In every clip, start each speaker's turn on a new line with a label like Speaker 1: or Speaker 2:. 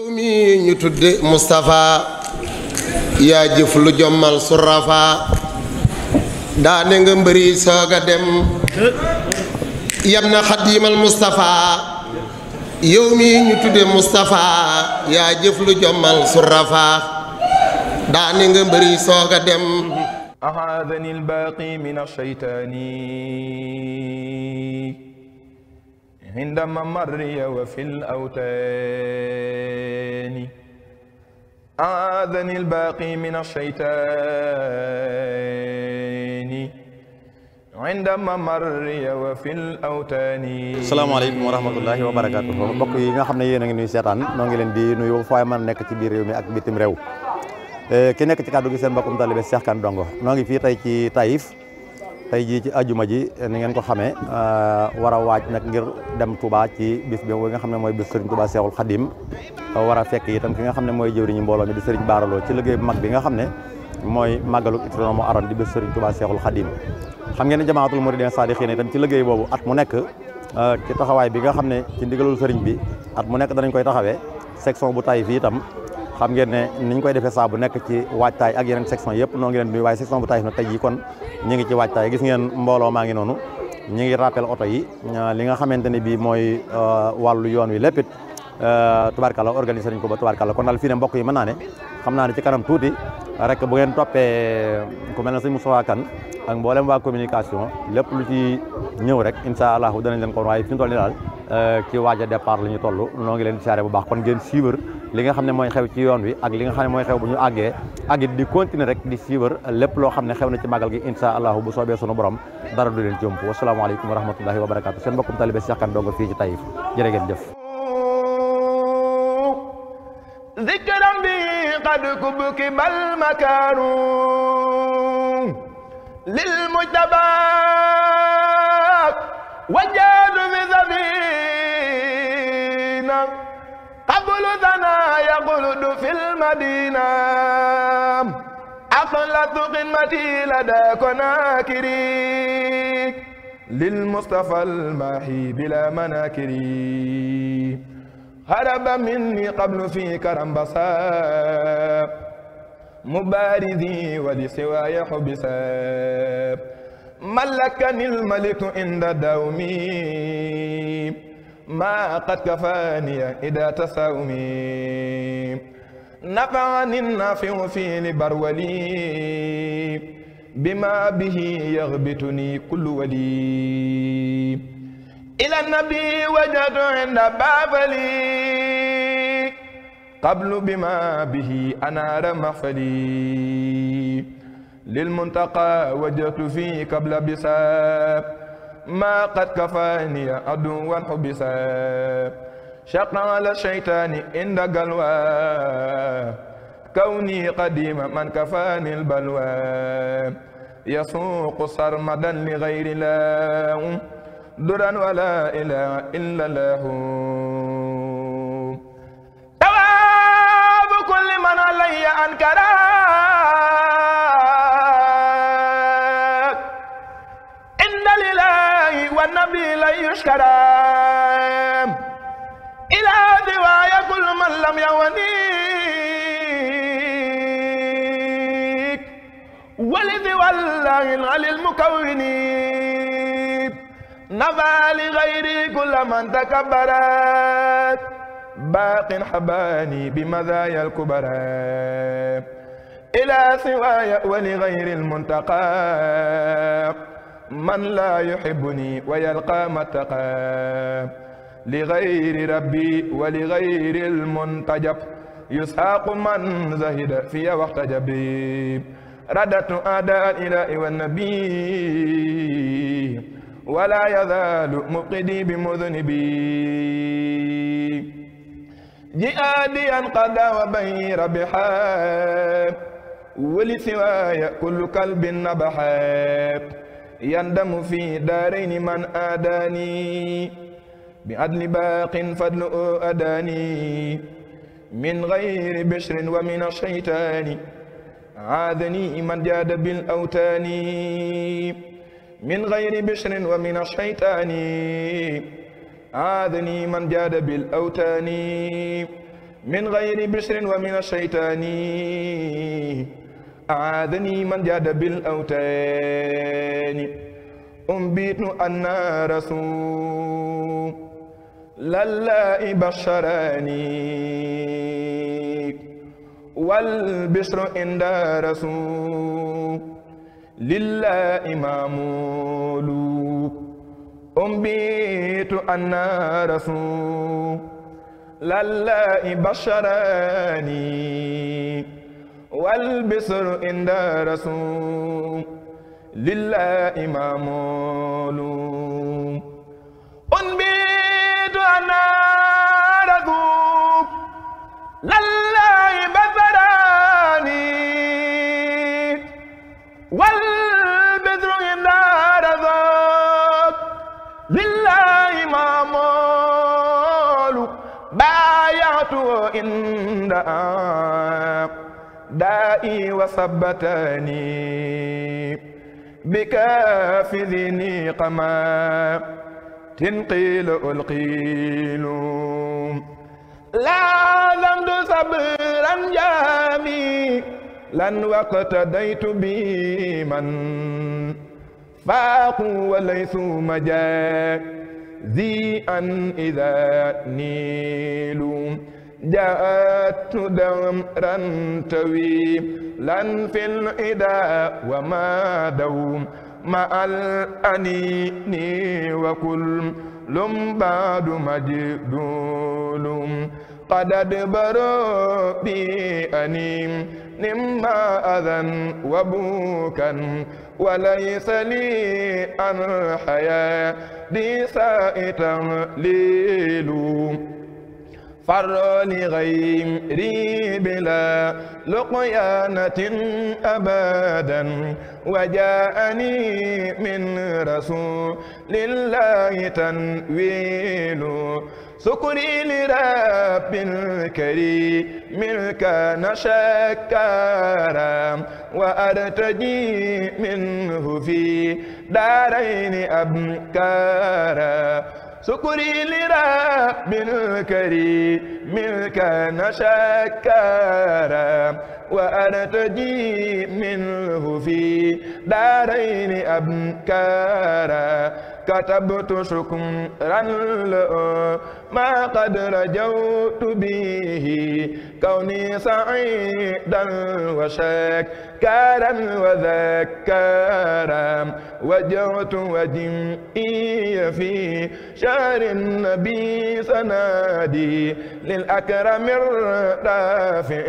Speaker 1: mi ñu tudd Moustapha yaa jëf lu jommal surafa daane nga mbëri soog a dem yam na xadiimal Moustapha yow mi yaa jëf jommal surafa daane nga mbëri soog a dem ahaadani albaaqi
Speaker 2: inda mamarriya wa fil awtaani aadani albaaqi min ash-shaytaani inda mamarriya wa fil awtaani. salaamaaleykum wa rahmatullahi wa barakaatu. mbokk
Speaker 1: yi nga xam ne yéen a ngi nuyu seetaan noo ngi leen di nuyu fooy mën a nekk ci biir réew mi ak bitim réew eh, ki nekk ci kàddu gi seen mbokkum taalibe Cheikh Kane Dongo noo ngi fii tey ci Taïf. tey jii ci ajuma ji ni ngeen ko xamee euh, war a waaj nag ngir dem Touba ci bis bi nga xam ne mooy bis Serigne Touba Seexul Xadim war a fekk itam ki nga xam ne mooy jëwriñu mbooloo mi di Serigne Bara ci liggéey bu mag bi nga xam ne mooy màggalu Hissatoul Moukarram di bis Serigne Touba Seexul Xadim xam ngeen ne jamaatul muridin saadixiin itam ci liggéey boobu at mu nekk euh, ci taxawaay bi nga xam ne ci ndigalul Serigne bi at mu nekk danañ koy taxawee section bu Taïf itam xam ngeen ne niñ koy defee saa bu nekk ci waajtaay ak yeneen section yëpp noo ngi leen nuyu waaye section bu Taif nag tey jii kon ñu ngi ci waajtaay gis ngeen mbooloo maa ngi noonu ñu ngi rappel oto yi li nga xamante ne bii mooy euh, wàllu yoon wi léppit euh, tubaarkalla organisé nañ ko ba tubaarkalla kon daal fii ne mbokk yi mën naa ne xam naa ne ci kanam tuuti rek bu ngeen toppee ku mel ne sëñ Moustapha Kane ak mboolem waa communication lépp lu ci ñëw rek incha allahu danañ leen ko waaye fi ñu toll nii daal euh, ci a départ toll noo ngi leen di saare bu baax kon geen suivre li nga xam ne mooy xew ci yoon wi ak li nga xam ne mooy xew bu ñu àggee ak it di continuer rek di suivre lépp loo xam ne xew na ci màggal gi incha allahu bu soobee sunu borom dara du leen ci ëmp wasalaamaaleykum wa rahmatullahi wa barakatu seen mbokkum talibé Cheikh Kane Dongo fii ci Taïf jërë ngeen jëf
Speaker 2: للمجتبى وجاد بزبينا قبل ثنا يقلد في المدينة أقلت قمتي لدى كناكري للمصطفى الماحي بلا مناكري هرب مني قبل في كرم بصاب مبارزي ولسواي حبساب ملكني الملك عند دومي ما قد كفاني إذا تساومي نفعني النافع في لبرولي بما به يغبطني كل ولي إلى النبي وجد عند بابلي qablu bima bihi anaara mahfali lilmuntaqa wajjatu fi qabla bisab ma qad kafani aduwan hubisa shaqa ala shaytani inda galwa kawni qadima man kafani albalwa yasuqu sarmadan li ghayri la duran wala ilaha illa lahu أنكراك إن الإله والنبي لا يشكرام إلى دوايا كل من لم يونيك ولد والله العلي المكون نفع لغيري كل من تكبرت باق حباني بمزايا الكبرى إلى سواي ولغير المنتقى من لا يحبني ويلقى متقى لغير ربي ولغير المنتجب يساق من زهد في واحتجب ردت أعداء الإله والنبي ولا يزال مقدي بمذنبي جهاديا قد وبين ربحا ولسواي كل قلب نبحا يندم في دارين من آداني بعدل باق فضل أداني من غير بشر ومن الشيطان عاذني من جاد بالأوتان من غير بشر ومن الشيطان aadani man jaada bil awtaani min gayri bisrin wa min ashaytaani aadani man jaada bil awtaani umbitu anna rasul lallai basharaani wal bishru inda rasul lillahi maamulu أنبيت أن رسول الله بشراني والبصر عند رسول لله مامول أنبيت أن رسول بايعته عند دائي وثبتني بكافذني قما تنقيل ألقيل لا لم صبرا جامي لن واقتديت بمن فاق وليس مجاك ذي أن إذا نيل جاءت دمرا طويلا في العدا وما دوم مع الأنين وكل لم بعد مجدول قد أدبر بأنيم نما أذى وبوكا وليس لي عن الحياة سائتا ليلوم فر لغيري بلا لقيانة أبدا وجاءني من رسول الله تنويل سكري لرب كريم كان شكارا وأرتجي منه في دارين أبكارا سكري لرب كريم كان شكارا وأرتجي منه في دارين أبكارا كتبت شكرا له ما قد رجوت به كوني سعيدا وشكرا وذكرا وجوت وجمعي في شهر النبي سنادي للأكرم الرافع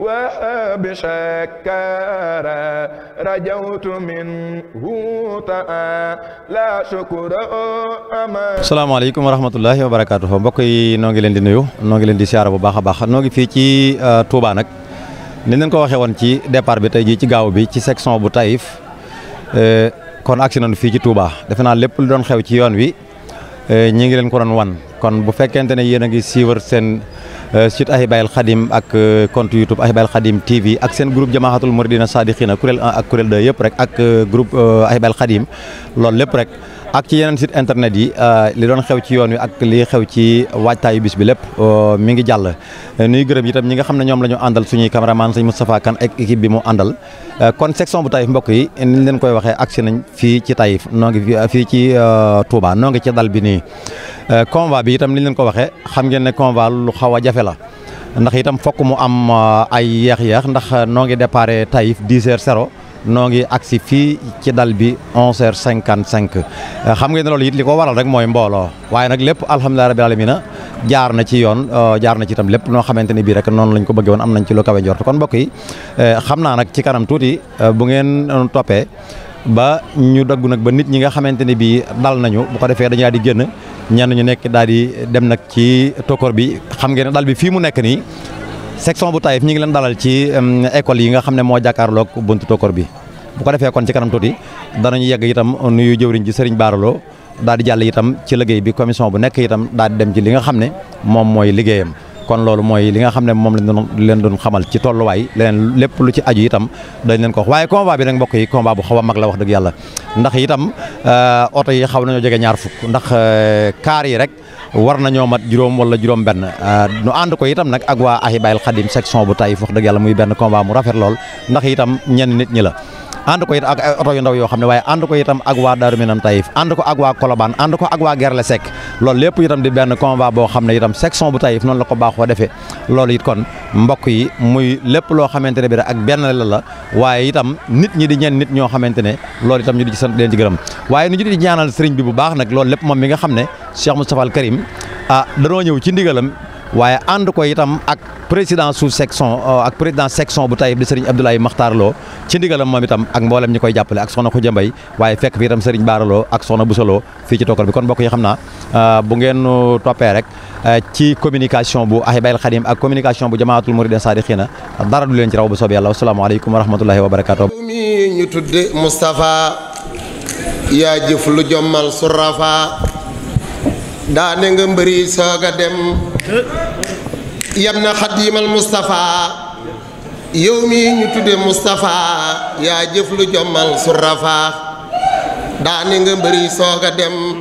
Speaker 2: وبشكارا رجوت منه تعالى شكرا
Speaker 1: أما salaamaaleykum wa rahmatullahi wa barakaatuh mbokk yi noo ngi leen di nuyu noo ngi leen di siyaara bu baax a baax noo ngi fii ci Touba nag ni leen ko waxee woon ci départ bi tey jii ci gaaw bi ci section bu Taïf kon agsi nañu fii ci tuubaa defe naa lépp lu doon xew ci yoon wi Eh, ñi ngi leen ko doon wan kon bu fekkente ne yéen a ngi siiwar seen eh, site Ahibahil Khadim ak eh, compte YouTube Ahibahil Khadim TV ak seen groupe jamaaxatul muridina saadiqina kuréel 1 ak kuréel 2 yëpp rek ak groupe Ahibahil Khadim loolu lépp rek ak ci yeneen site internet yi euh, li doon xew ci yoon wi ak li xew ci waajtaayu bis bi lépp euh, mi ngi jàll nuy gërëm itam ñi nga xam ne ñoom la ñu àndal suñuy caméraman sañ Moustapha Kane ak équipe bi mu àndal euh, kon section bu Taïf mbokk yi niñ leen koy waxee agsi nañ fii ci Taïf noo ngi fii ci Touba noo ngi ci dal bi nii convoi bi itam niñ leen ko waxee xam ngeen ne convoi lu xaw a jafe la ndax itam fokk mu am ay yeex-yeex ndax noo ngi départ Taïf 10 noo ngi agsi fii ci dal bi 11h55 euh, xam ngeen ne loolu it li ko waral rek mooy mbooloo waaye nag lépp alhamdulilah rabbil alamina jaar na ci yoon euh, jaar na ci itam lépp noo xamante ni bii rek noonu lañ ko bëggee woon am nañ ci lu kawe njort kon mbokk yi euh, xam naa nag ci kanam tuuti bu ngeen toppee ba ñu daggu nag ba nit ñi nga xamante ni bii dal nañu bu ko defee dañu daal di génn ñenn ñu nekk daal di dem nag ci tokkoor bi xam ngeen ne dal bi fii mu nekk nii. section bu Taïf ñu ngi leen dalal ci école yi nga xam ne moo jàkkaarloog buntu Tokor bi bu ko defee kon ci kanam tuuti danañu yegg itam nuyu jëwriñ ji Serigne baaraloo daal di jàll itam ci liggéey bi commission bu nekk itam daa di dem ci li nga xam ne moom mooy liggéeyam. kon loolu mooy li nga xam ne moom lañ doon leen doon xamal ci tolluwaay leneen lépp lu ci aju itam dañ leen ko waaye combat bi nag mbokk yi combat bu xaw a mag la wax dëgg yàlla ndax itam euh, oto yi xaw nañoo jege ñaar fukk ndax euh, kaar yi rek war nañoo mat juróom wala juróom benn euh, nu ànd ko itam nag ak waa Ahibaahil Khadim section bu Taïf wax dëgg yàlla muy benn combat mu rafet lool ndax itam ñenn nit ñi la ànd ko it ak ay oto yu ndaw yoo xam ne waaye ànd ko itam ak waa Daaru Minam Taïf ànd ko ak waa Kolobaan ànd ko ak waa Gerle Seck loolu lépp itam di benn convoi boo xam ne itam section bu Taïf noonu la ko baaxoo defee loolu it kon mbokk yi muy lépp loo xamante ne bi rek ak benn la la waaye itam nit ñi di ñeen nit ñoo xamante ne loolu itam ñu di ci sant dee ci gërëm waaye ñu di ñaanal sëriñ bi bu baax nag loolu lépp moom mi nga xam ne Cheikh Moustapha Al Karim ah danoo ñëw ci waaye ànd ko itam ak président sous section euh, ak président section bu Taïf di sëriñ Abdoulaye Makhtar Lo ci ndigalam moom itam ak mboolem ñi koy jàppale ak soxna Khoudia Mbaye waaye fekk fi itam sëriñ Baara Lo ak soxna Bousso Lo ci tookal bi kon mbokk yi xam naa euh, bu ngeen toppee rek euh, ci communication bu Ahibaahil Khadim ak communication bu Jamaatul Mouridina Saadixiina dara du leen ci raw bu soobee yàlla wasalaamaaleykum wa rahmatulahi wa barakaatu. mi daane nga mbëri soog a dem yam na xadiimal Moustapha yow mi ñu tudde Moustapha yaa jëf lu jommal su rafaa daane nga mbëri soog a dem